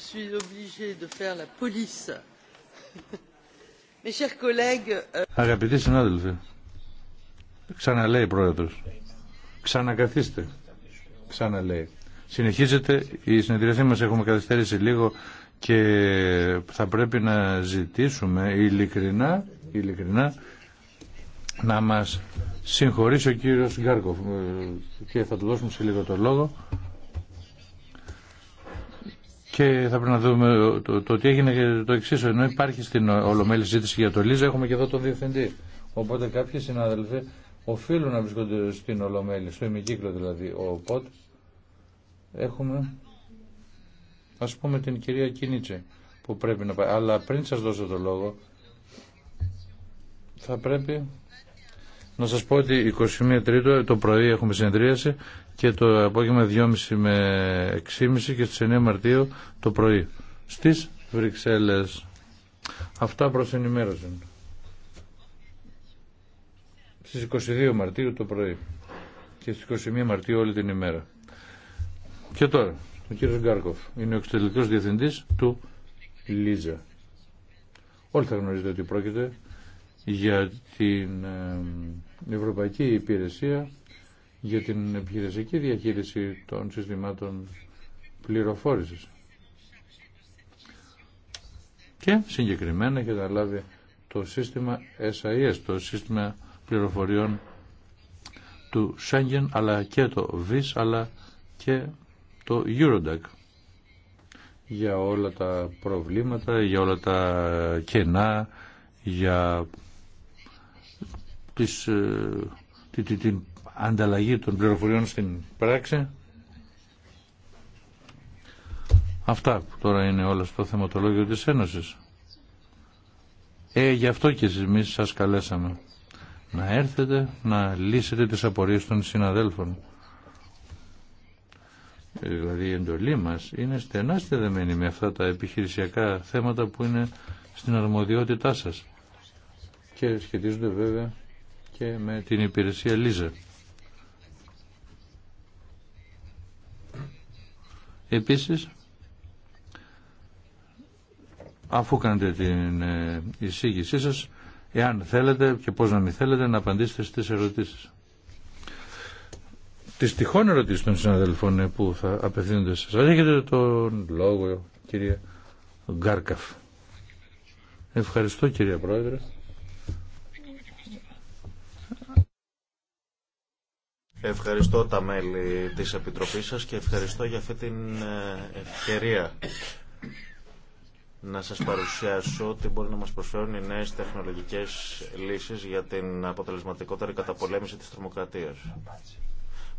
suis euh, Αγαπητοί συνάδελφοι, ξαναλέει πρόεδρος. Ξανακαθίστε. Ξαναλέει. Συνεχίζεται η συνεδρίασή μας. Έχουμε καθυστέρηση λίγο και θα πρέπει να ζητήσουμε ειλικρινά, ειλικρινά να μας συγχωρήσει ο κύριος Γκάρκοφ ε, και θα του δώσουμε σε λίγο το λόγο. Και θα πρέπει να δούμε το, τι έγινε το εξή. Ενώ υπάρχει στην Ολομέλη ζήτηση για το Λίζα, έχουμε και εδώ τον Διευθυντή. Οπότε κάποιοι συνάδελφοι οφείλουν να βρίσκονται στην Ολομέλη, στο ημικύκλο δηλαδή. Οπότε έχουμε, α πούμε, την κυρία Κινίτσε που πρέπει να πάει. Αλλά πριν σα δώσω το λόγο, θα πρέπει να σας πω ότι 21 Τρίτο το πρωί έχουμε συνεδρίαση και το απόγευμα 2.30 με 6.30 και στις 9 Μαρτίου το πρωί στις Βρυξέλλες. Αυτά προς ενημέρωση. Στις 22 Μαρτίου το πρωί και στις 21 Μαρτίου όλη την ημέρα. Και τώρα, ο κύριος Γκάρκοφ είναι ο εξωτερικός διευθυντής του Λίζα. Όλοι θα γνωρίζετε ότι πρόκειται για την Ευρωπαϊκή Υπηρεσία για την επιχειρησιακή διαχείριση των συστημάτων πληροφόρησης. Και συγκεκριμένα έχει αναλάβει το σύστημα SIS, το σύστημα πληροφοριών του Schengen, αλλά και το VIS, αλλά και το Eurodac για όλα τα προβλήματα, για όλα τα κενά, για τις, ε, την, ανταλλαγή των πληροφοριών στην πράξη. Αυτά που τώρα είναι όλα στο θεματολόγιο της Ένωσης. Ε, γι' αυτό και εμείς σας καλέσαμε να έρθετε να λύσετε τις απορίες των συναδέλφων. Ε, δηλαδή η εντολή μας είναι στενά στεδεμένη με αυτά τα επιχειρησιακά θέματα που είναι στην αρμοδιότητά σας και σχετίζονται βέβαια και με την υπηρεσία Λίζα. Επίσης, αφού κάνετε την ε, εισήγησή σας, εάν θέλετε και πώς να μην θέλετε να απαντήσετε στις ερωτήσεις. Τις τυχόν ερωτήσεις των συναδελφών ε, που θα απευθύνονται σας. Έχετε τον λόγο, κυρία Γκάρκαφ. Ευχαριστώ, κυρία Πρόεδρε. Ευχαριστώ τα μέλη της Επιτροπής σας και ευχαριστώ για αυτή την ε, ευκαιρία να σας παρουσιάσω τι μπορεί να μας προσφέρουν οι νέες τεχνολογικές λύσεις για την αποτελεσματικότερη καταπολέμηση της τρομοκρατίας.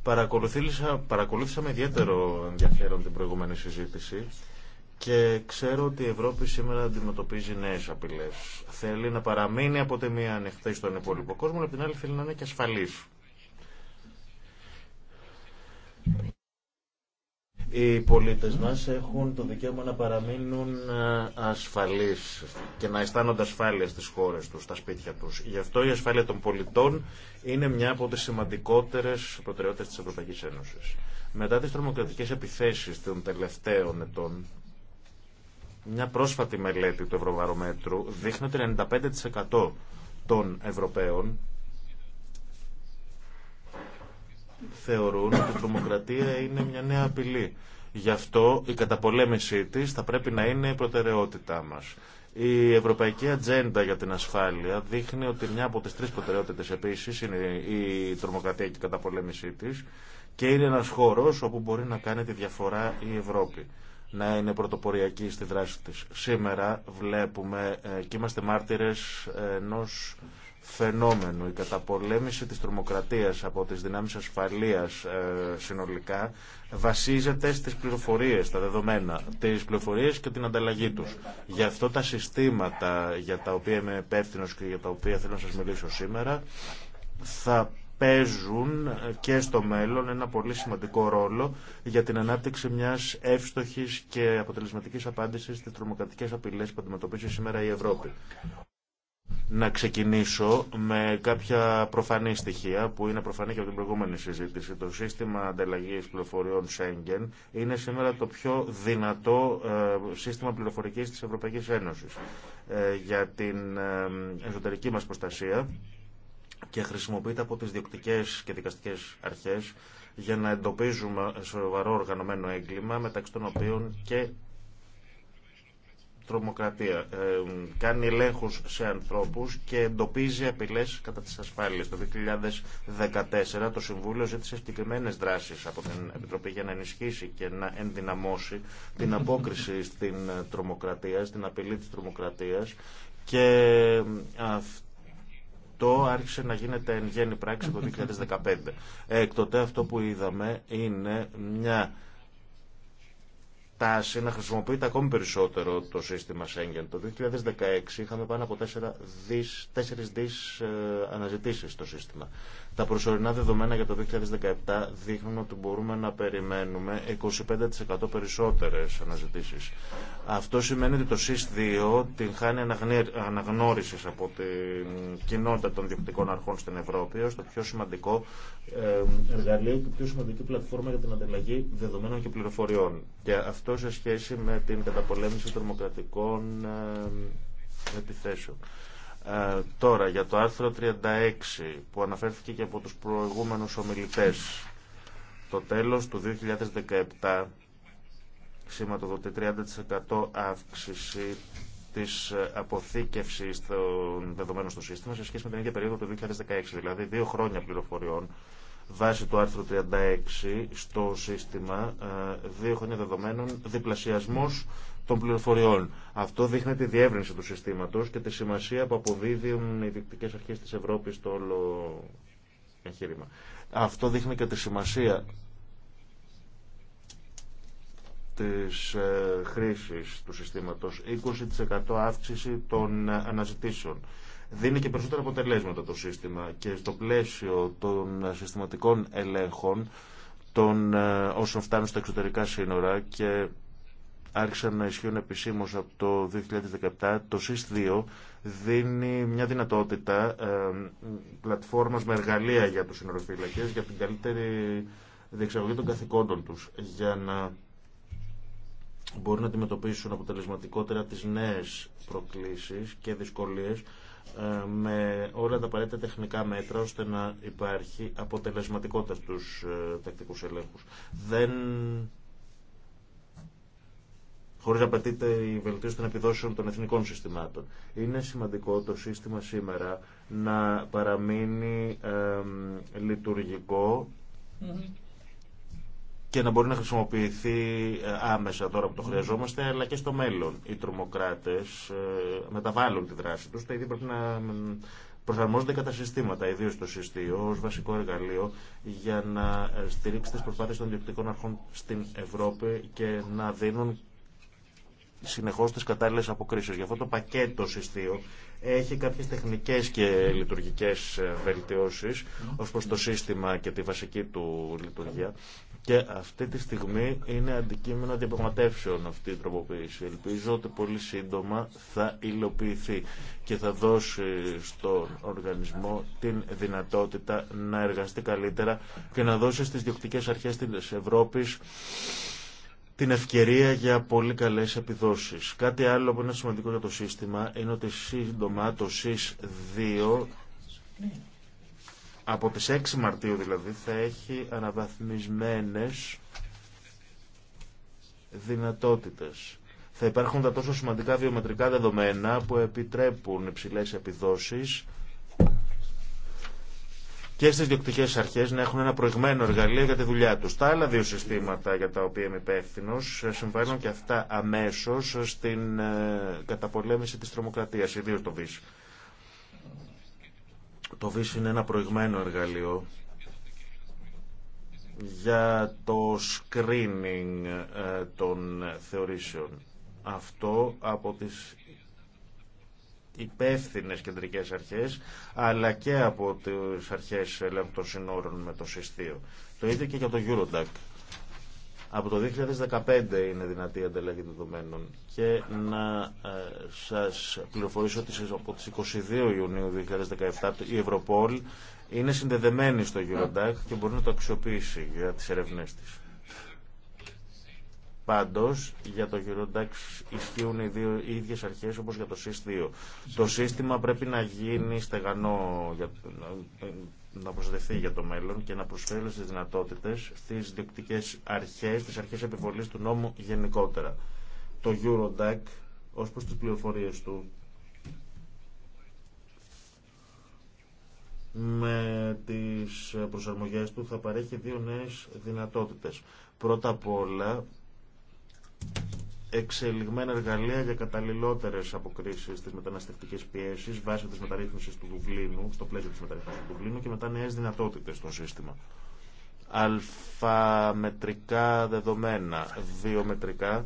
Παρακολουθήσα, με ιδιαίτερο ενδιαφέρον την προηγούμενη συζήτηση και ξέρω ότι η Ευρώπη σήμερα αντιμετωπίζει νέες απειλές. Θέλει να παραμείνει από τη μία ανοιχτή στον υπόλοιπο κόσμο, αλλά από την άλλη θέλει να είναι και ασφαλής. Οι πολίτες μας έχουν το δικαίωμα να παραμείνουν ε, ασφαλείς και να αισθάνονται ασφάλεια στις χώρες τους, στα σπίτια τους. Γι' αυτό η ασφάλεια των πολιτών είναι μια από τις σημαντικότερες προτεραιότητες της Ευρωπαϊκής Ένωσης. Μετά τις τρομοκρατικές επιθέσεις των τελευταίων ετών, μια πρόσφατη μελέτη του Ευρωβαρομέτρου δείχνει ότι 95% των Ευρωπαίων θεωρούν ότι η τρομοκρατία είναι μια νέα απειλή. Γι' αυτό η καταπολέμησή της θα πρέπει να είναι η προτεραιότητά μας. Η Ευρωπαϊκή Ατζέντα για την Ασφάλεια δείχνει ότι μια από τις τρεις προτεραιότητες επίσης είναι η τρομοκρατία και η καταπολέμησή της και είναι ένας χώρος όπου μπορεί να κάνει τη διαφορά η Ευρώπη να είναι πρωτοποριακή στη δράση της. Σήμερα βλέπουμε ε, και είμαστε μάρτυρες ενός φαινόμενο. Η καταπολέμηση της τρομοκρατίας από τις δυνάμεις ασφαλείας ε, συνολικά βασίζεται στις πληροφορίες, τα δεδομένα, τις πληροφορίες και την ανταλλαγή τους. Γι' αυτό τα συστήματα για τα οποία είμαι υπεύθυνο και για τα οποία θέλω να σας μιλήσω σήμερα θα παίζουν και στο μέλλον ένα πολύ σημαντικό ρόλο για την ανάπτυξη μιας εύστοχης και αποτελεσματικής απάντησης στις τρομοκρατικές απειλές που αντιμετωπίζει σήμερα η Ευρώπη να ξεκινήσω με κάποια προφανή στοιχεία που είναι προφανή και από την προηγούμενη συζήτηση. Το σύστημα ανταλλαγή πληροφοριών Schengen είναι σήμερα το πιο δυνατό ε, σύστημα πληροφορική τη Ευρωπαϊκή Ένωση ε, για την ε, εσωτερική μα προστασία και χρησιμοποιείται από τι διοκτικέ και δικαστικέ αρχέ για να εντοπίζουμε σοβαρό οργανωμένο έγκλημα μεταξύ των οποίων και τρομοκρατία. Ε, κάνει ελέγχου σε ανθρώπους και εντοπίζει απειλές κατά τη ασφάλεια. Το 2014 το Συμβούλιο ζήτησε συγκεκριμένε δράσει από την Επιτροπή για να ενισχύσει και να ενδυναμώσει την απόκριση στην τρομοκρατία, στην απειλή της τρομοκρατίας και αυτό άρχισε να γίνεται εν γέννη πράξη το 2015. Έκτοτε αυτό που είδαμε είναι μια τάση να χρησιμοποιείται ακόμη περισσότερο το σύστημα Σέγγεν. Το 2016 είχαμε πάνω από 4 δις, 4 δις ε, αναζητήσεις στο σύστημα. Τα προσωρινά δεδομένα για το 2017 δείχνουν ότι μπορούμε να περιμένουμε 25% περισσότερες αναζητήσεις. Αυτό σημαίνει ότι το ΣΥΣ2 την χάνει αναγνώρισης από την κοινότητα των διοκτικών αρχών στην Ευρώπη ως το πιο σημαντικό ε, εργαλείο και πιο σημαντική πλατφόρμα για την ανταλλαγή δεδομένων και πληροφοριών. Και αυτό αυτό σε σχέση με την καταπολέμηση τρομοκρατικών ε, επιθέσεων. Ε, τώρα, για το άρθρο 36 που αναφέρθηκε και από τους προηγούμενους ομιλητές, το τέλος του 2017 σηματοδοτεί 30% αύξηση της ε, αποθήκευσης των δεδομένων στο σύστημα σε σχέση με την ίδια περίοδο του 2016, δηλαδή δύο χρόνια πληροφοριών βάσει του άρθρου 36 στο σύστημα ε, δύο χρόνια δεδομένων διπλασιασμός των πληροφοριών. Αυτό δείχνει τη διεύρυνση του συστήματος και τη σημασία που αποδίδουν οι δικτικές αρχές της Ευρώπης στο όλο εγχείρημα. Αυτό δείχνει και τη σημασία της ε, χρήσης του συστήματος. 20% αύξηση των ε, αναζητήσεων δίνει και περισσότερα αποτελέσματα το σύστημα και στο πλαίσιο των συστηματικών ελέγχων των ε, όσων φτάνουν στα εξωτερικά σύνορα και άρχισαν να ισχύουν επισήμω από το 2017, το ΣΥΣ2 δίνει μια δυνατότητα ε, πλατφόρμας με εργαλεία για τους συνοροφύλακες για την καλύτερη διεξαγωγή των καθηκόντων τους για να μπορούν να αντιμετωπίσουν αποτελεσματικότερα τις νέες προκλήσεις και δυσκολίες ε, με όλα τα απαραίτητα τεχνικά μέτρα ώστε να υπάρχει αποτελεσματικότητα στους ε, τακτικούς ελέγχους. Δεν... χωρίς να απαιτείται η βελτίωση των επιδόσεων των εθνικών συστημάτων. Είναι σημαντικό το σύστημα σήμερα να παραμείνει ε, λειτουργικό και να μπορεί να χρησιμοποιηθεί ε, άμεσα τώρα που το χρειαζόμαστε, αλλά και στο μέλλον. Οι τρομοκράτε ε, μεταβάλλουν τη δράση του. Τα ίδια πρέπει να προσαρμόζονται κατά συστήματα, ιδίω το συστήμα, ω βασικό εργαλείο για να ε, στηρίξει τι προσπάθειε των διοικητικών αρχών στην Ευρώπη και να δίνουν συνεχώ τι κατάλληλε αποκρίσει. Γι' αυτό το πακέτο συστείο έχει κάποιε τεχνικέ και λειτουργικέ ε, βελτιώσει ω προ το σύστημα και τη βασική του λειτουργία. Και αυτή τη στιγμή είναι αντικείμενο διαπραγματεύσεων αυτή η τροποποίηση. Ελπίζω ότι πολύ σύντομα θα υλοποιηθεί και θα δώσει στον οργανισμό την δυνατότητα να εργαστεί καλύτερα και να δώσει στις διοκτικές αρχές της Ευρώπης την ευκαιρία για πολύ καλές επιδόσεις. Κάτι άλλο που είναι σημαντικό για το σύστημα είναι ότι σύντομα το ΣΥΣ 2 από τις 6 Μαρτίου δηλαδή θα έχει αναβαθμισμένες δυνατότητες. Θα υπάρχουν τα τόσο σημαντικά βιομετρικά δεδομένα που επιτρέπουν υψηλές επιδόσεις και στι διοκτικέ αρχέ να έχουν ένα προηγμένο εργαλείο για τη δουλειά του. Τα άλλα δύο συστήματα για τα οποία είμαι υπεύθυνο συμβαίνουν και αυτά αμέσω στην ε, καταπολέμηση τη τρομοκρατία, ιδίω το ΒΙΣ. Το ΒΙΣ είναι ένα προηγμένο εργαλείο για το screening ε, των θεωρήσεων. Αυτό από τις υπεύθυνε κεντρικές αρχές αλλά και από τις αρχές ελέγχου των συνόρων με το συστείο. Το ίδιο και για το Eurodac. Από το 2015 είναι δυνατή η ανταλλαγή δεδομένων και να ε, σας πληροφορήσω ότι από τις 22 Ιουνίου 2017 η Ευρωπόλ είναι συνδεδεμένη στο Eurodac και μπορεί να το αξιοποιήσει για τις ερευνές της. Πάντως, για το Eurodax ισχύουν οι, δύο, οι ίδιες αρχές όπως για το SIS2. Το σύστημα πρέπει να γίνει στεγανό, για, να προσδεθεί για το μέλλον και να προσφέρει τις δυνατότητες στις διοκτικές αρχές, τις αρχές επιβολής του νόμου γενικότερα. Το Eurodac, ως προς τις πληροφορίες του, με τις προσαρμογές του θα παρέχει δύο νέες δυνατότητες. Πρώτα απ' όλα εξελιγμένα εργαλεία για καταλληλότερες αποκρίσεις της μεταναστευτικής πίεση βάσει της μεταρρύθμισης του Δουβλίνου, στο πλαίσιο της μεταρρύθμισης του Δουβλίνου και μετά νέε δυνατότητες στο σύστημα. Αλφαμετρικά δεδομένα, βιομετρικά,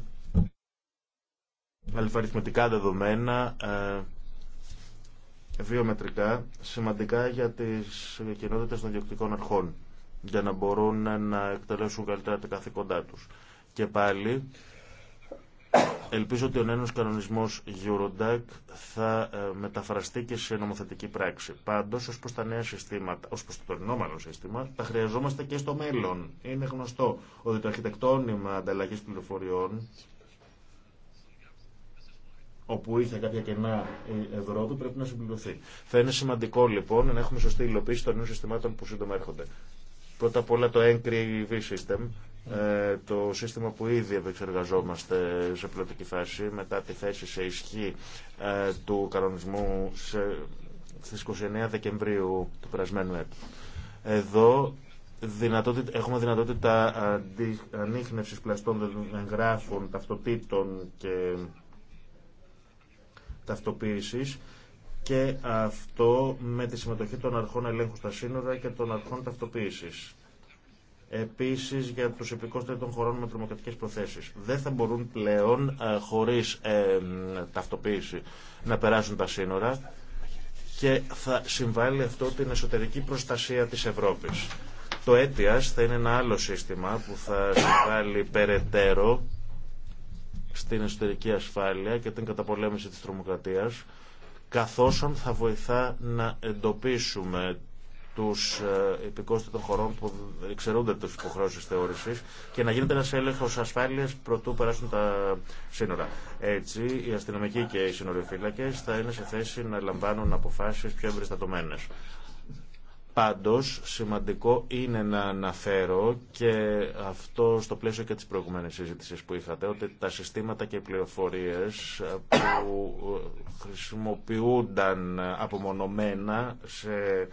αλφαριθμητικά δεδομένα, ε, βιομετρικά, σημαντικά για τις κοινότητες των διοκτικών αρχών, για να μπορούν να εκτελέσουν καλύτερα τα καθήκοντά τους. Και πάλι, Ελπίζω ότι ο νέος κανονισμός Eurodac θα ε, μεταφραστεί και σε νομοθετική πράξη. Πάντως, ως προς τα νέα συστήματα, ως προς το τωρινό μάλλον σύστημα, τα χρειαζόμαστε και στο μέλλον. Είναι γνωστό ότι το αρχιτεκτόνημα ανταλλαγής πληροφοριών όπου είχε κάποια κενά η Ευρώπη, πρέπει να συμπληρωθεί. Θα είναι σημαντικό λοιπόν να έχουμε σωστή υλοποίηση των νέων συστημάτων που σύντομα έρχονται. Πρώτα απ' όλα το NCRIV system, ε, το σύστημα που ήδη επεξεργαζόμαστε σε πλωτική φάση μετά τη θέση σε ισχύ ε, του κανονισμού στις 29 Δεκεμβρίου του περασμένου έτου, Εδώ δυνατότητα, έχουμε δυνατότητα ανείχνευσης πλαστών εγγράφων, ταυτοτήτων και ταυτοποίησης και αυτό με τη συμμετοχή των αρχών ελέγχου στα σύνορα και των αρχών ταυτοποίησης Επίση για του υπηκόου των χωρών με τρομοκρατικέ προθέσει. Δεν θα μπορούν πλέον ε, χωρί ε, ταυτοποίηση να περάσουν τα σύνορα και θα συμβάλλει αυτό την εσωτερική προστασία της Ευρώπης. Το έτιας θα είναι ένα άλλο σύστημα που θα συμβάλλει περαιτέρω στην εσωτερική ασφάλεια και την καταπολέμηση της τρομοκρατίας καθώς θα βοηθά να εντοπίσουμε τους ε, επικόστητων των χωρών που εξαιρούνται τις υποχρεώσει θεώρηση και να γίνεται ένας έλεγχο ασφάλεια προτού περάσουν τα σύνορα. Έτσι, οι αστυνομικοί και οι συνοριοφύλακες θα είναι σε θέση να λαμβάνουν αποφάσεις πιο εμπεριστατωμένε. Πάντως, σημαντικό είναι να αναφέρω και αυτό στο πλαίσιο και της προηγούμενη συζήτηση που είχατε, ότι τα συστήματα και οι πληροφορίε που ε, χρησιμοποιούνταν απομονωμένα σε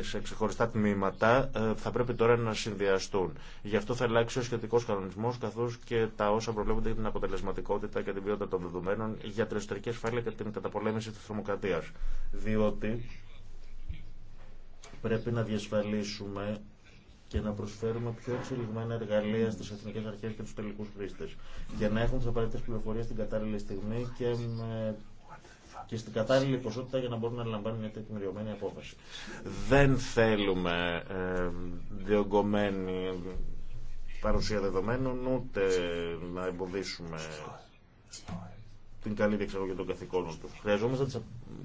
σε ξεχωριστά τμήματα ε, θα πρέπει τώρα να συνδυαστούν. Γι' αυτό θα αλλάξει ο σχετικό κανονισμό καθώ και τα όσα προβλέπονται για την αποτελεσματικότητα και την ποιότητα των δεδομένων για την εσωτερική ασφάλεια και την καταπολέμηση τη θερμοκρατία. Διότι πρέπει να διασφαλίσουμε και να προσφέρουμε πιο εξελιγμένα εργαλεία στι εθνικέ αρχέ και του τελικού χρήστε. Για να έχουν τι απαραίτητε πληροφορίε στην κατάλληλη στιγμή και με και στην κατάλληλη ποσότητα για να μπορούν να λαμβάνουν μια τεκμηριωμένη απόφαση. Δεν θέλουμε ε, διωγγωμένη παρουσία δεδομένων ούτε να εμποδίσουμε την καλή διεξαγωγή των καθηκόνων του. Χρειαζόμαστε τι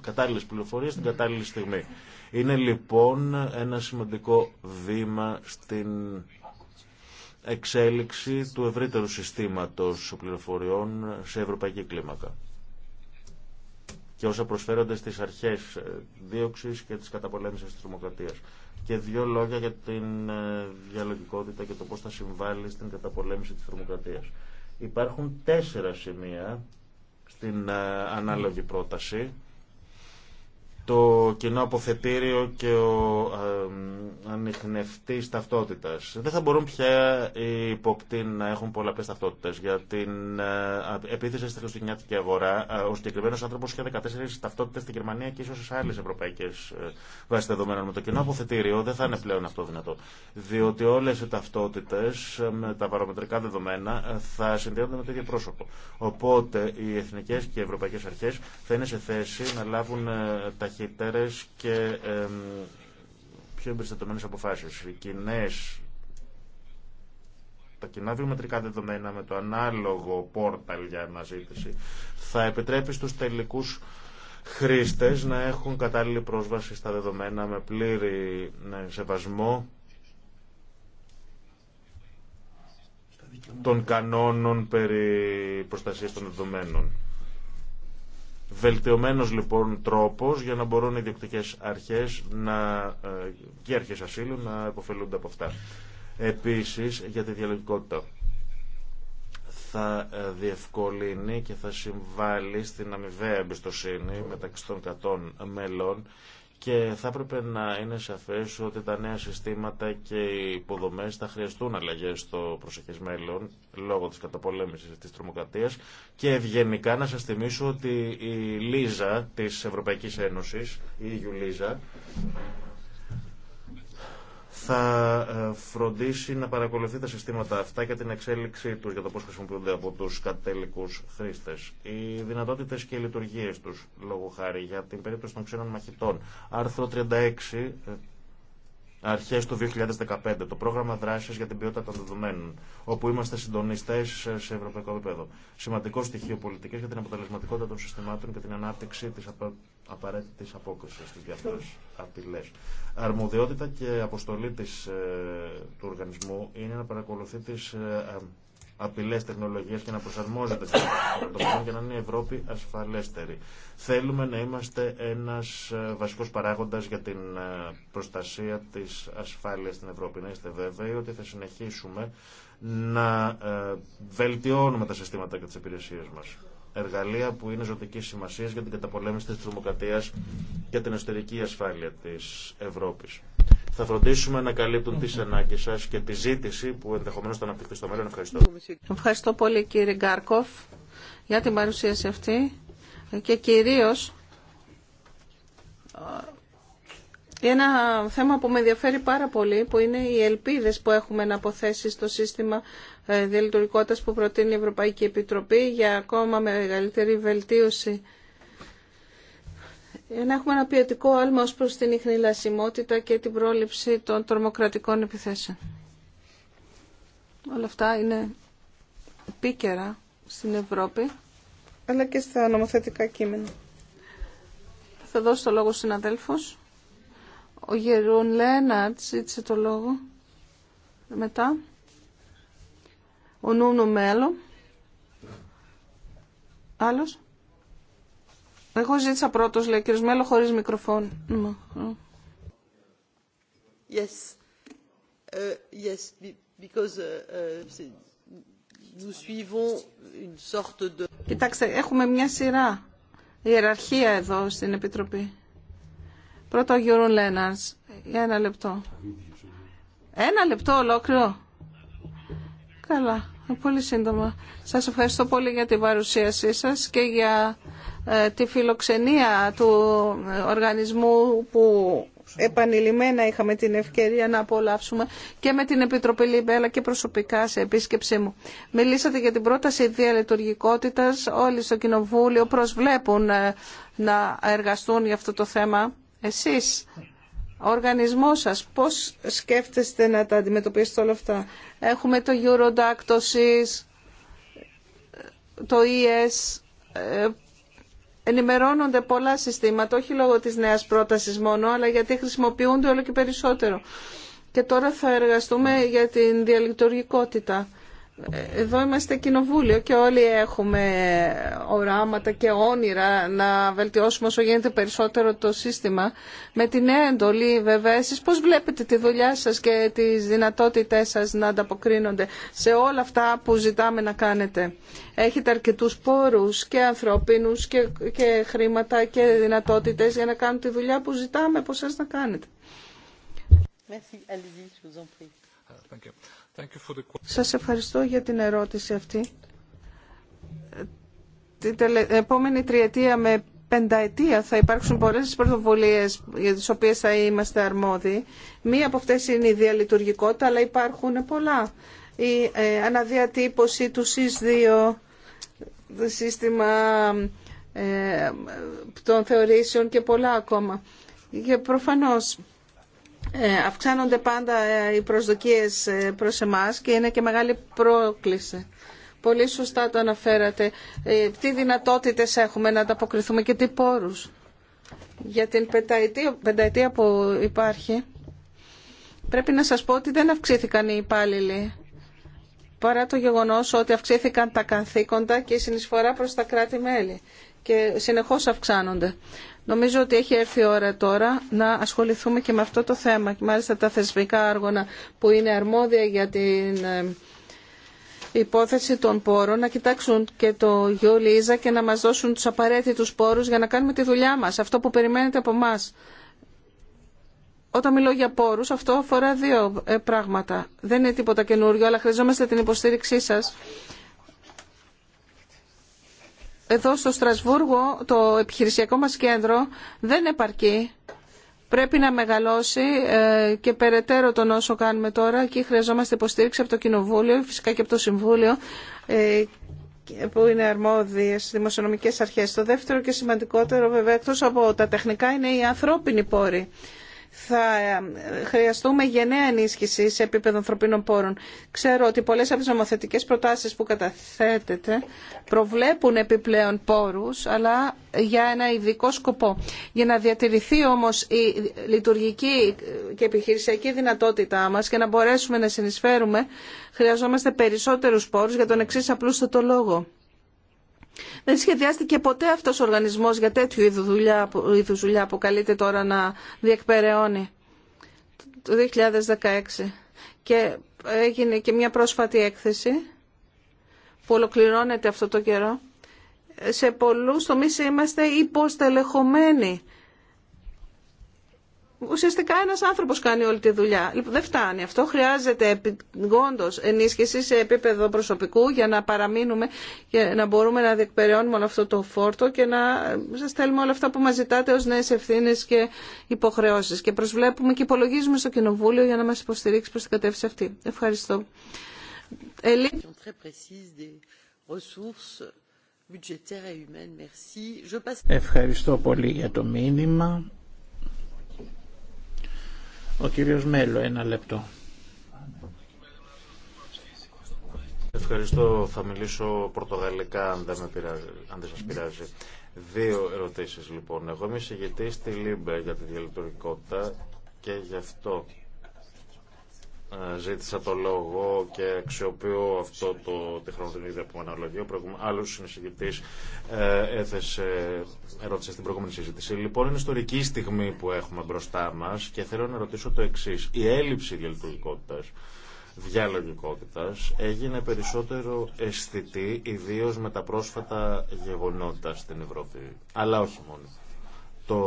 κατάλληλε πληροφορίε στην κατάλληλη στιγμή. Είναι λοιπόν ένα σημαντικό βήμα στην εξέλιξη του ευρύτερου συστήματος πληροφοριών σε ευρωπαϊκή κλίμακα και όσα προσφέρονται στις αρχές ε, δίωξης και της καταπολέμησης της τρομοκρατίας. Και δύο λόγια για την ε, διαλογικότητα και το πώς θα συμβάλλει στην καταπολέμηση της τρομοκρατίας. Υπάρχουν τέσσερα σημεία στην ε, ανάλογη πρόταση το κοινό αποθετήριο και ο ε, ταυτότητα. ταυτότητας. Δεν θα μπορούν πια οι υποπτοί να έχουν πολλαπλές ταυτότητες. Για την ε, επίθεση στη χριστουγεννιάτικη αγορά, ε, ο συγκεκριμένο άνθρωπος είχε 14 ταυτότητες στην Γερμανία και ίσως σε άλλες ευρωπαϊκές ε, δεδομένων. Με το κοινό αποθετήριο δεν θα είναι πλέον αυτό δυνατό. Διότι όλες οι ταυτότητες ε, με τα παραμετρικά δεδομένα θα συνδέονται με το ίδιο πρόσωπο. Οπότε οι εθνικές και οι ευρωπαϊκές αρχές θα είναι σε θέση να λάβουν τα και πιο εμπεριστατωμένε αποφάσει. Οι κοινέ τα κοινά βιομετρικά δεδομένα με το ανάλογο πόρταλ για αναζήτηση θα επιτρέπει στου τελικούς χρήστες να έχουν κατάλληλη πρόσβαση στα δεδομένα με πλήρη σεβασμό των κανόνων περί προστασίας των δεδομένων. Βελτιωμένος λοιπόν τρόπος για να μπορούν οι διοκτικές αρχές να, ε, και οι αρχές ασύλου να υποφελούνται από αυτά. Επίσης για τη διαλογικότητα θα ε, διευκολύνει και θα συμβάλλει στην αμοιβαία εμπιστοσύνη μεταξύ των κατών μελών και θα έπρεπε να είναι σαφές ότι τα νέα συστήματα και οι υποδομές θα χρειαστούν αλλαγές στο προσεχές μέλλον λόγω της καταπολέμησης της τρομοκρατίας και ευγενικά να σας θυμίσω ότι η Λίζα της Ευρωπαϊκής Ένωσης, η EU Λίζα, θα ε, φροντίσει να παρακολουθεί τα συστήματα αυτά και την εξέλιξή του για το πώ χρησιμοποιούνται από τους κατελικού χρήστε. Οι δυνατότητε και οι λειτουργίες τους, λόγω χάρη, για την περίπτωση των ξένων μαχητών. Άρθρο 36, ε, αρχέ του 2015, το πρόγραμμα δράσης για την ποιότητα των δεδομένων, όπου είμαστε συντονιστές σε ευρωπαϊκό επίπεδο. Σημαντικό στοιχείο πολιτική για την αποτελεσματικότητα των συστημάτων και την ανάπτυξη της απαραίτητης απόκρισης στις διάφορες απειλές. Αρμοδιότητα και αποστολή της, ε, του οργανισμού είναι να παρακολουθεί τις ε, απειλές τεχνολογίες και να προσαρμόζεται σε και να είναι η Ευρώπη ασφαλέστερη. Θέλουμε να είμαστε ένα ε, βασικός παράγοντας για την προστασία της ασφάλειας στην Ευρώπη. Να είστε βέβαιοι ότι θα συνεχίσουμε να βελτιώνουμε τα συστήματα και τις υπηρεσίες μα εργαλεία που είναι ζωτική σημασία για την καταπολέμηση τη τρομοκρατία και την εσωτερική ασφάλεια τη Ευρώπη. Θα φροντίσουμε να καλύπτουν τι ανάγκε σα και τη ζήτηση που ενδεχομένω θα αναπτυχθεί στο μέλλον. Ευχαριστώ. Ευχαριστώ πολύ κύριε Γκάρκοφ για την παρουσίαση αυτή και κυρίω ένα θέμα που με ενδιαφέρει πάρα πολύ που είναι οι ελπίδες που έχουμε να αποθέσει στο σύστημα ε, διαλειτουργικότητας που προτείνει η Ευρωπαϊκή Επιτροπή για ακόμα μεγαλύτερη βελτίωση. Να έχουμε ένα ποιοτικό άλμα ως προς την ιχνηλασιμότητα και την πρόληψη των τρομοκρατικών επιθέσεων. Όλα αυτά είναι επίκαιρα στην Ευρώπη αλλά και στα νομοθετικά κείμενα. Θα δώσω το λόγο στου συναδέλφου. Ο Γερούν Λέναρτ ζήτησε το λόγο. Μετά. Ο Νούνο Μέλο. Άλλος. Εγώ ζήτησα πρώτος, λέει, κύριος Μέλο, χωρίς μικροφόν. Yes. Ε, yes, because ε, ε, nous suivons une sorte de... Κοιτάξτε, έχουμε μια σειρά ιεραρχία εδώ στην Επιτροπή ο Γιώργο Λέναρς. Για ένα λεπτό. Ένα λεπτό ολόκληρο. Καλά. Πολύ σύντομα. Σας ευχαριστώ πολύ για την παρουσίασή σας και για ε, τη φιλοξενία του ε, οργανισμού που επανειλημμένα είχαμε την ευκαιρία να απολαύσουμε και με την Επιτροπή Λιμπέλα και προσωπικά σε επίσκεψή μου. Μιλήσατε για την πρόταση διαλειτουργικότητας. Όλοι στο Κοινοβούλιο προσβλέπουν ε, να εργαστούν για αυτό το θέμα εσείς, ο οργανισμός σας, πώς σκέφτεστε να τα αντιμετωπίσετε όλα αυτά. Έχουμε το Eurodac, το SIS, το ES, ε, ενημερώνονται πολλά συστήματα, όχι λόγω της νέας πρότασης μόνο, αλλά γιατί χρησιμοποιούνται όλο και περισσότερο. Και τώρα θα εργαστούμε για την διαλειτουργικότητα. Εδώ είμαστε κοινοβούλιο και όλοι έχουμε οράματα και όνειρα να βελτιώσουμε όσο γίνεται περισσότερο το σύστημα. Με την νέα εντολή βέβαια εσείς πώς βλέπετε τη δουλειά σας και τις δυνατότητές σας να ανταποκρίνονται σε όλα αυτά που ζητάμε να κάνετε. Έχετε αρκετούς πόρους και ανθρωπίνους και, και χρήματα και δυνατότητες για να κάνετε τη δουλειά που ζητάμε από εσάς να κάνετε. Merci, uh, σας ευχαριστώ για την ερώτηση αυτή. Την επόμενη τριετία με πενταετία θα υπάρξουν πολλές πρωτοβουλίες για τις οποίες θα είμαστε αρμόδιοι. Μία από αυτές είναι η διαλειτουργικότητα, αλλά υπάρχουν πολλά. Η ε, αναδιατύπωση του ΣΥΣ2, το σύστημα ε, των θεωρήσεων και πολλά ακόμα. Και προφανώς ε, αυξάνονται πάντα ε, οι προσδοκίες ε, προς εμάς και είναι και μεγάλη πρόκληση. Πολύ σωστά το αναφέρατε. Τι δυνατότητες έχουμε να ανταποκριθούμε και τι πόρους. Για την πενταετία, πενταετία που υπάρχει, πρέπει να σας πω ότι δεν αυξήθηκαν οι υπάλληλοι παρά το γεγονός ότι αυξήθηκαν τα καθήκοντα και η συνεισφορά προς τα κράτη-μέλη και συνεχώς αυξάνονται. Νομίζω ότι έχει έρθει η ώρα τώρα να ασχοληθούμε και με αυτό το θέμα και μάλιστα τα θεσμικά άργονα που είναι αρμόδια για την ε, υπόθεση των πόρων να κοιτάξουν και το γιο Λίζα και να μας δώσουν τους απαραίτητους πόρους για να κάνουμε τη δουλειά μας, αυτό που περιμένετε από εμά. Όταν μιλώ για πόρους, αυτό αφορά δύο ε, πράγματα. Δεν είναι τίποτα καινούριο, αλλά χρειαζόμαστε την υποστήριξή σας εδώ στο Στρασβούργο το επιχειρησιακό μας κέντρο δεν επαρκεί. Πρέπει να μεγαλώσει ε, και περαιτέρω τον όσο κάνουμε τώρα. και χρειαζόμαστε υποστήριξη από το Κοινοβούλιο, φυσικά και από το Συμβούλιο, ε, που είναι αρμόδιες δημοσιονομικές αρχές. Το δεύτερο και σημαντικότερο βέβαια, εκτός από τα τεχνικά, είναι οι ανθρώπινοι πόροι θα ε, χρειαστούμε γενναία ενίσχυση σε επίπεδο ανθρωπίνων πόρων. Ξέρω ότι πολλές από τις νομοθετικές προτάσεις που καταθέτεται προβλέπουν επιπλέον πόρους, αλλά για ένα ειδικό σκοπό. Για να διατηρηθεί όμως η λειτουργική και επιχειρησιακή δυνατότητά μας και να μπορέσουμε να συνεισφέρουμε, χρειαζόμαστε περισσότερους πόρους για τον εξή απλούστατο λόγο δεν σχεδιάστηκε ποτέ αυτός ο οργανισμός για τέτοιου είδου δουλειά, είδους δουλειά που καλείται τώρα να διεκπεραιώνει το 2016. Και έγινε και μια πρόσφατη έκθεση που ολοκληρώνεται αυτό το καιρό. Σε πολλούς τομεί είμαστε υποστελεχωμένοι Ουσιαστικά ένας άνθρωπος κάνει όλη τη δουλειά. Λοιπόν, δεν φτάνει αυτό. Χρειάζεται επιγόντως ενίσχυση σε επίπεδο προσωπικού για να παραμείνουμε, και να μπορούμε να διεκπεραιώνουμε όλο αυτό το φόρτο και να σα στέλνουμε όλα αυτά που μας ζητάτε ως νέες ευθύνες και υποχρεώσεις. Και προσβλέπουμε και υπολογίζουμε στο Κοινοβούλιο για να μας υποστηρίξει προς την κατεύθυνση αυτή. Ευχαριστώ. Ευχαριστώ πολύ για το μήνυμα. Ο κύριος Μέλο, ένα λεπτό. Ευχαριστώ. Θα μιλήσω πορτογαλικά αν δεν, με πειράζει, σας πειράζει. Δύο ερωτήσεις λοιπόν. Εγώ είμαι συγγετής στη Λίμπε για τη διαλειτουργικότητα και γι' αυτό ε, ζήτησα το λόγο και αξιοποιώ αυτό το τη που αναλογεί. Ο άλλο ε, έθεσε ερώτηση στην προηγούμενη συζήτηση. Λοιπόν, είναι ιστορική στιγμή που έχουμε μπροστά μας και θέλω να ρωτήσω το εξής. Η έλλειψη διαλειτουργικότητα διαλογικότητας έγινε περισσότερο αισθητή ιδίως με τα πρόσφατα γεγονότα στην Ευρώπη. Αλλά όχι μόνο το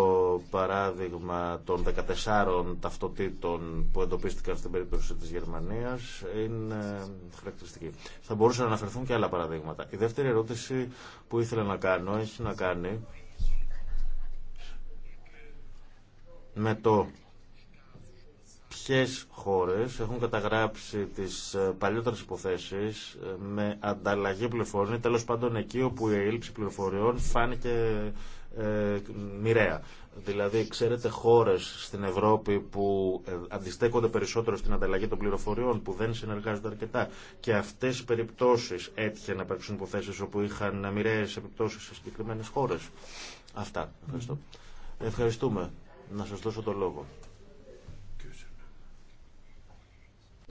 παράδειγμα των 14 ταυτοτήτων που εντοπίστηκαν στην περίπτωση της Γερμανίας είναι χαρακτηριστική. Θα μπορούσαν να αναφερθούν και άλλα παραδείγματα. Η δεύτερη ερώτηση που ήθελα να κάνω έχει να κάνει με το ποιες χώρες έχουν καταγράψει τις παλιότερες υποθέσεις με ανταλλαγή πληροφοριών, τέλος πάντων εκεί όπου η έλλειψη πληροφοριών φάνηκε ε, μοιραία. Δηλαδή, ξέρετε, χώρε στην Ευρώπη που ε, αντιστέκονται περισσότερο στην ανταλλαγή των πληροφοριών, που δεν συνεργάζονται αρκετά. Και αυτέ οι περιπτώσει έτυχε να υπάρξουν υποθέσει όπου είχαν μοιραίε επιπτώσει σε συγκεκριμένε χώρε. Αυτά. Ευχαριστώ. Ευχαριστούμε. Να σα δώσω το λόγο.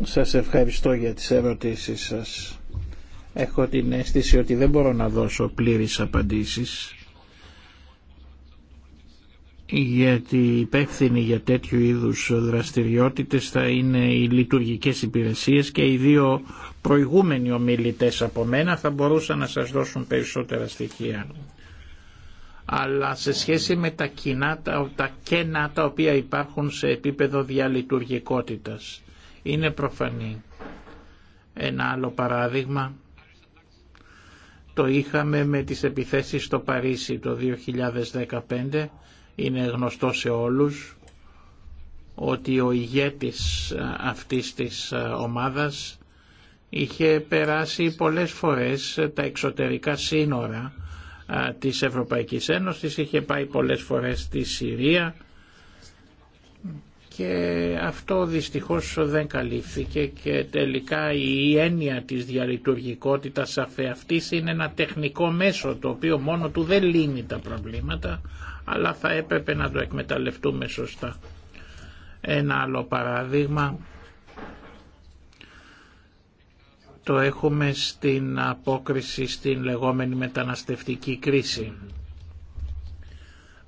Σας ευχαριστώ για τις ερωτήσεις σας. Έχω την αίσθηση ότι δεν μπορώ να δώσω πλήρε απαντήσεις γιατί υπεύθυνοι για τέτοιου είδους δραστηριότητες θα είναι οι λειτουργικές υπηρεσίες και οι δύο προηγούμενοι ομιλητές από μένα θα μπορούσαν να σας δώσουν περισσότερα στοιχεία. Αλλά σε σχέση με τα, κοινά, τα κένα τα οποία υπάρχουν σε επίπεδο διαλειτουργικότητας είναι προφανή. Ένα άλλο παράδειγμα το είχαμε με τις επιθέσεις στο Παρίσι το 2015 είναι γνωστό σε όλους ότι ο ηγέτης αυτής της ομάδας είχε περάσει πολλές φορές τα εξωτερικά σύνορα της Ευρωπαϊκής Ένωσης, είχε πάει πολλές φορές στη Συρία και αυτό δυστυχώς δεν καλύφθηκε και τελικά η έννοια της διαλειτουργικότητας αφ' αυτής είναι ένα τεχνικό μέσο το οποίο μόνο του δεν λύνει τα προβλήματα αλλά θα έπρεπε να το εκμεταλλευτούμε σωστά. Ένα άλλο παράδειγμα το έχουμε στην απόκριση στην λεγόμενη μεταναστευτική κρίση.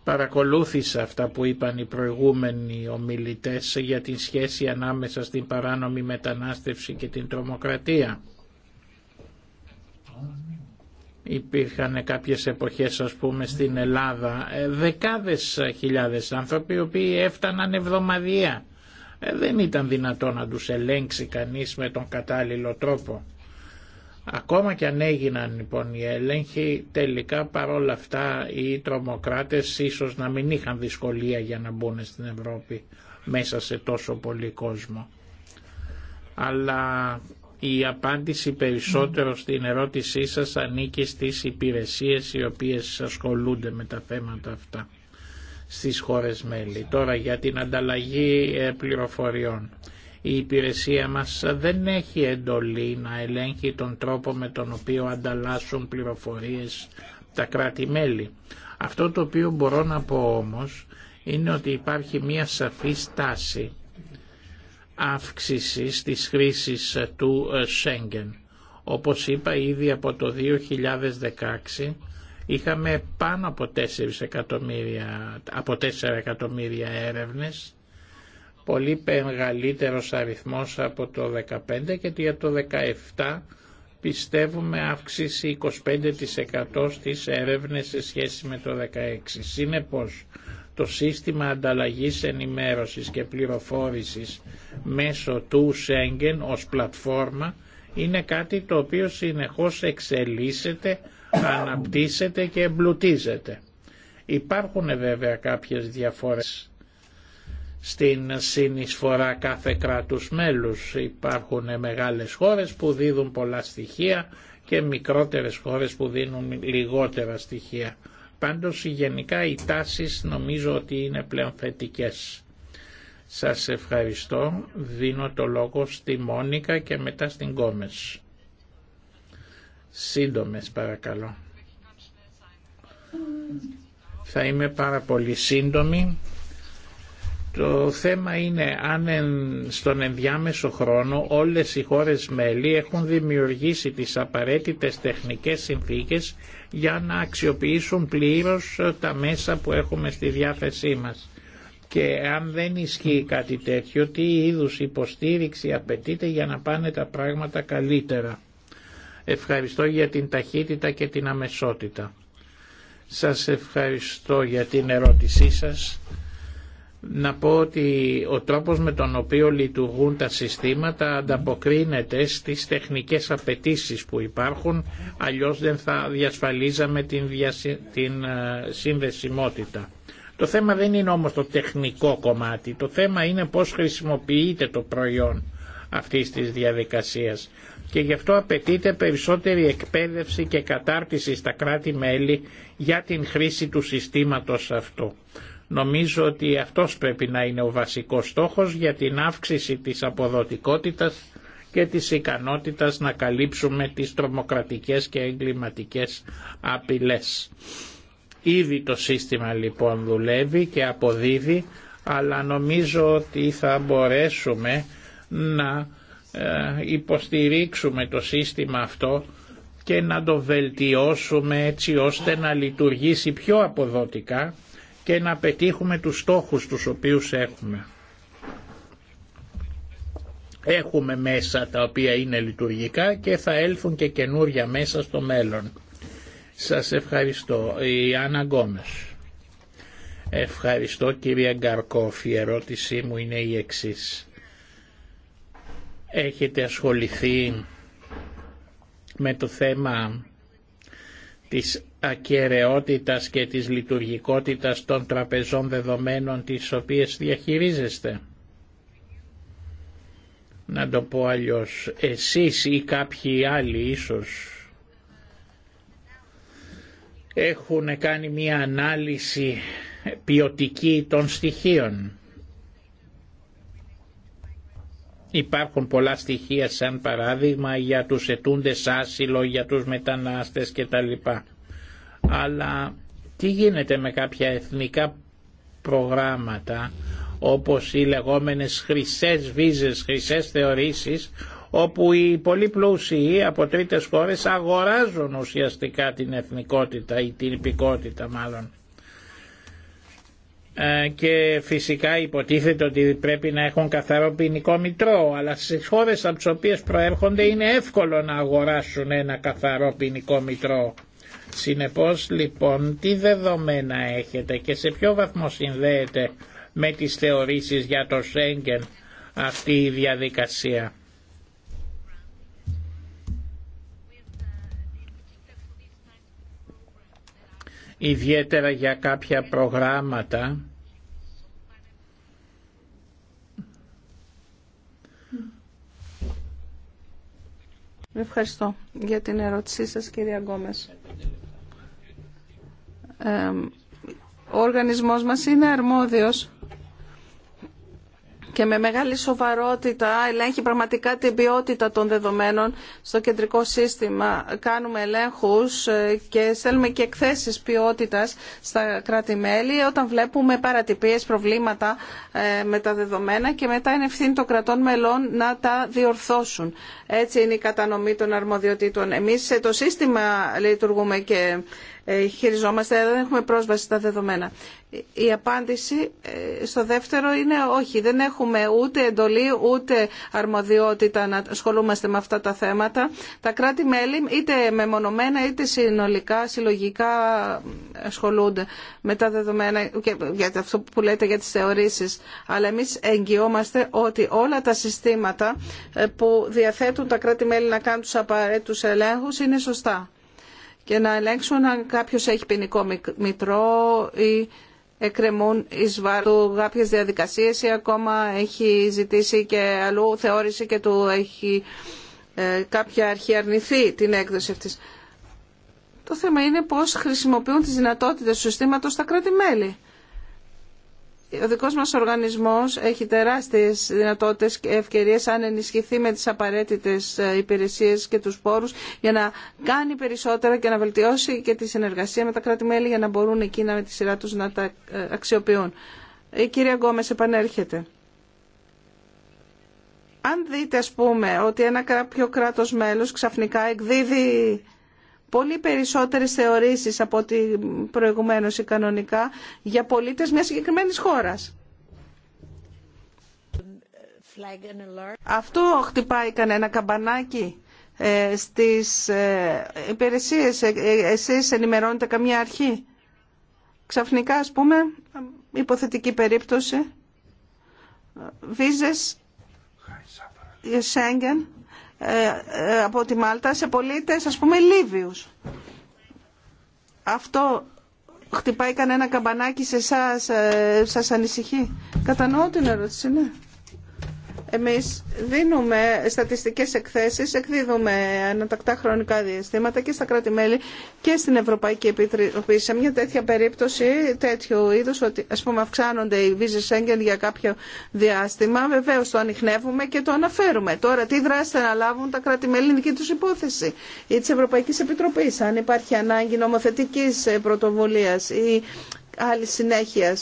Παρακολούθησα αυτά που είπαν οι προηγούμενοι ομιλητές για την σχέση ανάμεσα στην παράνομη μετανάστευση και την τρομοκρατία. Υπήρχαν κάποιες εποχές ας πούμε στην Ελλάδα ε, δεκάδες χιλιάδες άνθρωποι οι οποίοι έφταναν εβδομαδιαία. Ε, δεν ήταν δυνατόν να τους ελέγξει κανείς με τον κατάλληλο τρόπο. Ακόμα και αν έγιναν λοιπόν οι έλεγχοι, τελικά παρόλα αυτά οι τρομοκράτες ίσως να μην είχαν δυσκολία για να μπουν στην Ευρώπη μέσα σε τόσο πολύ κόσμο. Αλλά η απάντηση περισσότερο στην ερώτησή σας ανήκει στις υπηρεσίες οι οποίες ασχολούνται με τα θέματα αυτά στις χώρες μέλη. Τώρα για την ανταλλαγή ε, πληροφοριών. Η υπηρεσία μας δεν έχει εντολή να ελέγχει τον τρόπο με τον οποίο ανταλλάσσουν πληροφορίες τα κράτη-μέλη. Αυτό το οποίο μπορώ να πω όμως είναι ότι υπάρχει μια σαφή στάση αύξησης της χρήσης του ε, Σέγγεν. Όπως είπα ήδη από το 2016 είχαμε πάνω από 4 εκατομμύρια, από 4 εκατομμύρια έρευνες πολύ μεγαλύτερος αριθμός από το 2015 και για το 2017 πιστεύουμε αύξηση 25% στις έρευνες σε σχέση με το 2016. Συνεπώς το σύστημα ανταλλαγής ενημέρωσης και πληροφόρησης μέσω του Σέγγεν ως πλατφόρμα είναι κάτι το οποίο συνεχώς εξελίσσεται, αναπτύσσεται και εμπλουτίζεται. Υπάρχουν βέβαια κάποιες διαφορές στην συνεισφορά κάθε κράτους μέλους. Υπάρχουν μεγάλες χώρες που δίδουν πολλά στοιχεία και μικρότερες χώρες που δίνουν λιγότερα στοιχεία. Πάντως γενικά οι τάσεις νομίζω ότι είναι πλέον θετικές. Σας ευχαριστώ. Δίνω το λόγο στη Μόνικα και μετά στην Κόμες. Σύντομες παρακαλώ. Θα είμαι πάρα πολύ σύντομη. Το θέμα είναι αν στον ενδιάμεσο χρόνο όλες οι χώρες μέλη έχουν δημιουργήσει τις απαραίτητες τεχνικές συνθήκες για να αξιοποιήσουν πλήρως ε, τα μέσα που έχουμε στη διάθεσή μας. Και αν δεν ισχύει κάτι τέτοιο, τι είδους υποστήριξη απαιτείται για να πάνε τα πράγματα καλύτερα. Ευχαριστώ για την ταχύτητα και την αμεσότητα. Σας ευχαριστώ για την ερώτησή σας να πω ότι ο τρόπος με τον οποίο λειτουργούν τα συστήματα ανταποκρίνεται στις τεχνικές απαιτήσεις που υπάρχουν, αλλιώς δεν θα διασφαλίζαμε την, την ε, συνδεσιμότητα. Το θέμα δεν είναι όμως το τεχνικό κομμάτι, το θέμα είναι πώς χρησιμοποιείται το προϊόν αυτή της διαδικασίας και γι' αυτό απαιτείται περισσότερη εκπαίδευση και κατάρτιση στα κράτη-μέλη για την χρήση του συστήματος αυτού. Νομίζω ότι αυτός πρέπει να είναι ο βασικός στόχος για την αύξηση της αποδοτικότητας και της ικανότητας να καλύψουμε τις τρομοκρατικές και εγκληματικές απειλές. Ήδη το σύστημα λοιπόν δουλεύει και αποδίδει, αλλά νομίζω ότι θα μπορέσουμε να ε, υποστηρίξουμε το σύστημα αυτό και να το βελτιώσουμε έτσι ώστε να λειτουργήσει πιο αποδοτικά και να πετύχουμε τους στόχους τους οποίους έχουμε. Έχουμε μέσα τα οποία είναι λειτουργικά και θα έλθουν και καινούρια μέσα στο μέλλον. Σας ευχαριστώ. Η Άννα Γκόμες. Ευχαριστώ κύριε Γκαρκόφ. Η ερώτησή μου είναι η εξής. Έχετε ασχοληθεί με το θέμα της ακεραιότητας και της λειτουργικότητας των τραπεζών δεδομένων τις οποίες διαχειρίζεστε. Να το πω αλλιώς, εσείς ή κάποιοι άλλοι ίσως έχουν κάνει μια ανάλυση ποιοτική των στοιχείων. Υπάρχουν πολλά στοιχεία σαν παράδειγμα για τους ετούντες άσυλο, για τους μετανάστες κτλ αλλά τι γίνεται με κάποια εθνικά προγράμματα όπως οι λεγόμενες χρυσές βίζες, χρυσές θεωρήσεις όπου οι πολύ πλούσιοι από τρίτες χώρες αγοράζουν ουσιαστικά την εθνικότητα ή την υπηκότητα μάλλον. Ε, και φυσικά υποτίθεται ότι πρέπει να έχουν καθαρό ποινικό μητρό, αλλά στις χώρες από τις οποίες προέρχονται είναι εύκολο να αγοράσουν ένα καθαρό ποινικό μητρό. Συνεπώς λοιπόν τι δεδομένα έχετε και σε ποιο βαθμό συνδέεται με τις θεωρήσεις για το Σέγγεν αυτή η διαδικασία. Ιδιαίτερα για κάποια προγράμματα Ευχαριστώ για την ερώτησή σας κυρία Γκόμες. Ε, ο οργανισμός μας είναι αρμόδιος και με μεγάλη σοβαρότητα ελέγχει πραγματικά την ποιότητα των δεδομένων στο κεντρικό σύστημα. Κάνουμε ελέγχους ε, και στέλνουμε και εκθέσεις ποιότητας στα κράτη-μέλη όταν βλέπουμε παρατυπίες, προβλήματα ε, με τα δεδομένα και μετά είναι ευθύνη των κρατών μελών να τα διορθώσουν. Έτσι είναι η κατανομή των αρμοδιοτήτων. Εμείς σε το σύστημα λειτουργούμε και ε, χειριζόμαστε, δεν έχουμε πρόσβαση στα δεδομένα η απάντηση ε, στο δεύτερο είναι όχι. Δεν έχουμε ούτε εντολή ούτε αρμοδιότητα να ασχολούμαστε με αυτά τα θέματα. Τα κράτη-μέλη είτε μεμονωμένα είτε συνολικά, συλλογικά ασχολούνται με τα δεδομένα και για αυτό που λέτε για τις θεωρήσεις. Αλλά εμείς εγγυόμαστε ότι όλα τα συστήματα ε, που διαθέτουν τα κράτη-μέλη να κάνουν τους απαραίτητους ελέγχους είναι σωστά και να ελέγξουν αν κάποιος έχει ποινικό μητρό ή εκκρεμούν εις βάρου κάποιες διαδικασίες ή ακόμα έχει ζητήσει και αλλού θεώρηση και του έχει ε, κάποια αρχή αρνηθεί την έκδοση αυτής. Το θέμα είναι πώς χρησιμοποιούν τις δυνατότητες του συστήματος στα κράτη-μέλη ο δικός μας οργανισμός έχει τεράστιες δυνατότητες και ευκαιρίες αν ενισχυθεί με τις απαραίτητες ε, υπηρεσίες και τους πόρους για να κάνει περισσότερα και να βελτιώσει και τη συνεργασία με τα κράτη-μέλη για να μπορούν εκείνα με τη σειρά τους να τα ε, αξιοποιούν. Η κυρία Γκόμες επανέρχεται. Αν δείτε, ας πούμε, ότι ένα κάποιο κράτος μέλος ξαφνικά εκδίδει πολύ περισσότερες θεωρήσεις από ό,τι προηγουμένως ή κανονικά για πολίτες μιας συγκεκριμένης χώρας. Αυτό χτυπάει κανένα καμπανάκι ε, στις ε, υπηρεσίες. Ε, ε, εσείς ενημερώνετε καμία αρχή. Ξαφνικά, ας πούμε, υποθετική περίπτωση, ε, βίζες για Σέγγεν ε, ε, από τη Μάλτα σε πολίτες ας πούμε Λίβιους. Αυτό χτυπάει κανένα καμπανάκι σε εσά, ε, σας ανησυχεί. Κατανοώ την ερώτηση, ναι. Εμείς δίνουμε στατιστικές εκθέσεις, εκδίδουμε ανατακτά χρονικά διαστήματα και στα κράτη-μέλη και στην Ευρωπαϊκή Επιτροπή. Σε μια τέτοια περίπτωση, τέτοιου είδους, ότι ας πούμε αυξάνονται οι βίζες Σέγγεν για κάποιο διάστημα, βεβαίως το ανοιχνεύουμε και το αναφέρουμε. Τώρα τι δράση θα αναλάβουν τα κράτη-μέλη δική τους υπόθεση ή της Ευρωπαϊκής Επιτροπής, αν υπάρχει ανάγκη νομοθετικής πρωτοβουλίας ή άλλη συνέχεια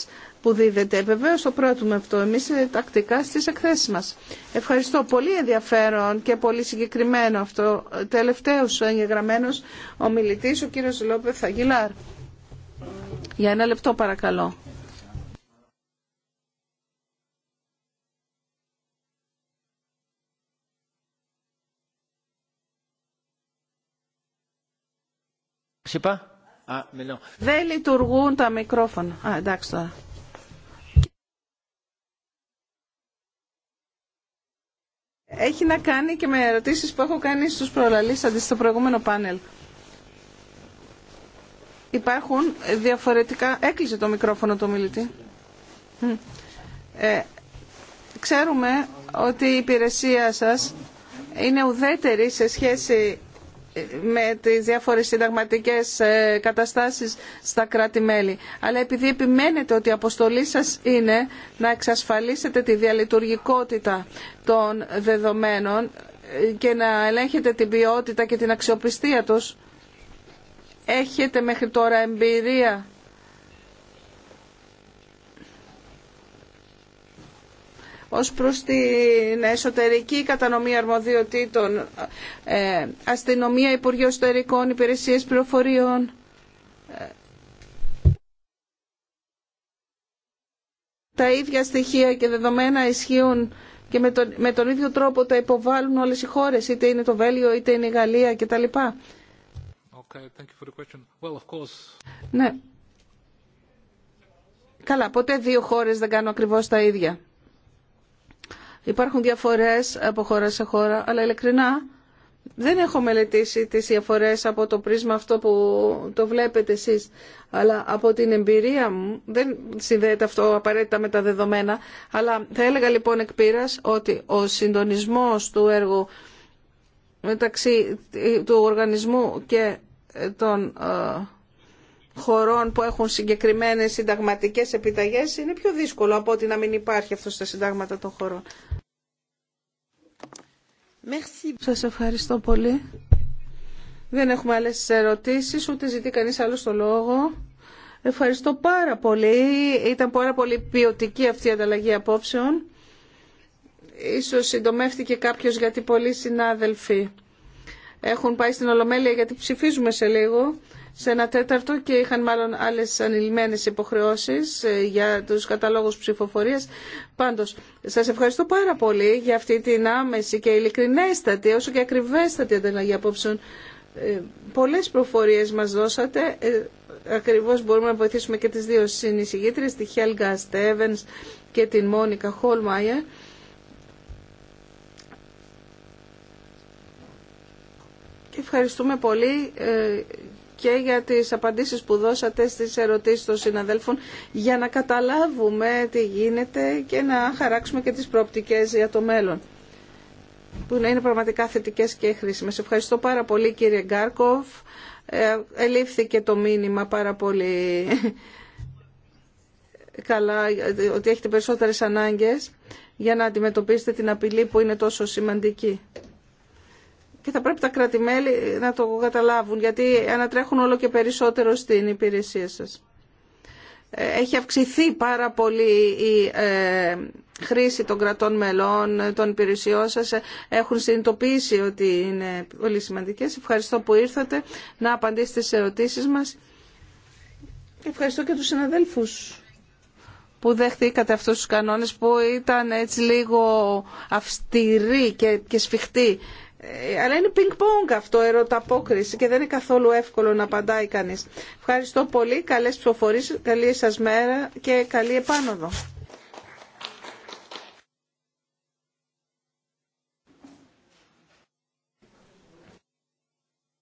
που δίδεται. Βεβαίως το πρότουμε αυτό εμείς ε, τακτικά στις εκθέσεις μας. Ευχαριστώ πολύ ενδιαφέρον και πολύ συγκεκριμένο αυτό. Τελευταίος εγγεγραμμένος ο μιλητής, ο κύριος Λόπεθ Αγγιλάρ. Για ένα λεπτό παρακαλώ. Δεν λειτουργούν τα μικρόφωνα. Α, εντάξει τώρα. έχει να κάνει και με ερωτήσεις που έχω κάνει στους προλαλήσαντες στο προηγούμενο πάνελ. Υπάρχουν διαφορετικά... Έκλεισε το μικρόφωνο το μιλητή. Ε, ξέρουμε ότι η υπηρεσία σας είναι ουδέτερη σε σχέση με τις διάφορες συνταγματικές ε, καταστάσεις στα κράτη-μέλη. Αλλά επειδή επιμένετε ότι η αποστολή σας είναι να εξασφαλίσετε τη διαλειτουργικότητα των δεδομένων ε, και να ελέγχετε την ποιότητα και την αξιοπιστία τους, έχετε μέχρι τώρα εμπειρία ως προς την εσωτερική κατανομή αρμοδιοτήτων, ε, αστυνομία, Υπουργείο Εσωτερικών, Υπηρεσίες Πληροφοριών. Τα ίδια στοιχεία και δεδομένα ισχύουν και με τον, με τον ίδιο τρόπο τα υποβάλλουν όλες οι χώρες, είτε είναι το Βέλιο, είτε είναι η Γαλλία κτλ. Ναι. Καλά, ποτέ δύο χώρες δεν κάνουν ακριβώς τα ίδια. Υπάρχουν διαφορές από χώρα σε χώρα, αλλά ειλικρινά δεν έχω μελετήσει τις διαφορές από το πρίσμα αυτό που το βλέπετε εσείς, αλλά από την εμπειρία μου, δεν συνδέεται αυτό απαραίτητα με τα δεδομένα, αλλά θα έλεγα λοιπόν εκ πείρας ότι ο συντονισμός του έργου μεταξύ του οργανισμού και των ε, χωρών που έχουν συγκεκριμένες συνταγματικές επιταγές είναι πιο δύσκολο από ότι να μην υπάρχει αυτό στα συντάγματα των χωρών. Merci. Σας ευχαριστώ πολύ. Δεν έχουμε άλλες ερωτήσεις, ούτε ζητεί κανείς άλλο το λόγο. Ευχαριστώ πάρα πολύ. Ήταν πάρα πολύ ποιοτική αυτή η ανταλλαγή απόψεων. Ίσως συντομεύτηκε κάποιος γιατί πολλοί συνάδελφοι έχουν πάει στην Ολομέλεια γιατί ψηφίζουμε σε λίγο σε ένα τέταρτο και είχαν μάλλον άλλες ανηλυμένες υποχρεώσεις ε, για τους καταλόγους ψηφοφορίας. Πάντως, σας ευχαριστώ πάρα πολύ για αυτή την άμεση και ειλικρινέστατη, όσο και ακριβέστατη ανταλλαγή απόψεων. Ε, πολλές προφορίες μας δώσατε, ε, ακριβώς μπορούμε να βοηθήσουμε και τις δύο συνεισηγήτρες, τη Χέλγκα Στέβενς και την Μόνικα Χόλμαϊερ. Ευχαριστούμε πολύ και για τις απαντήσεις που δώσατε στις ερωτήσεις των συναδέλφων για να καταλάβουμε τι γίνεται και να χαράξουμε και τις προοπτικές για το μέλλον που να είναι πραγματικά θετικές και χρήσιμες. Ευχαριστώ πάρα πολύ κύριε Γκάρκοφ. Ε, ελήφθηκε το μήνυμα πάρα πολύ καλά ότι έχετε περισσότερες ανάγκες για να αντιμετωπίσετε την απειλή που είναι τόσο σημαντική και θα πρέπει τα κρατημέλη να το καταλάβουν γιατί ανατρέχουν όλο και περισσότερο στην υπηρεσία σας. Ε, έχει αυξηθεί πάρα πολύ η ε, χρήση των κρατών μελών, των υπηρεσιών σας. Ε, έχουν συνειδητοποιήσει ότι είναι πολύ σημαντικές. Ευχαριστώ που ήρθατε να απαντήσετε στις ερωτήσεις μας. Ευχαριστώ και τους συναδέλφους που δεχτήκατε αυτούς τους κανόνες που ήταν έτσι λίγο αυστηροί και σφιχτοί ε, αλλά είναι πινκ-πονγκ αυτό ερωταπόκριση και δεν είναι καθόλου εύκολο να απαντάει κανείς. Ευχαριστώ πολύ, καλές ψηφοφορίες, καλή σας μέρα και καλή επάνωδο.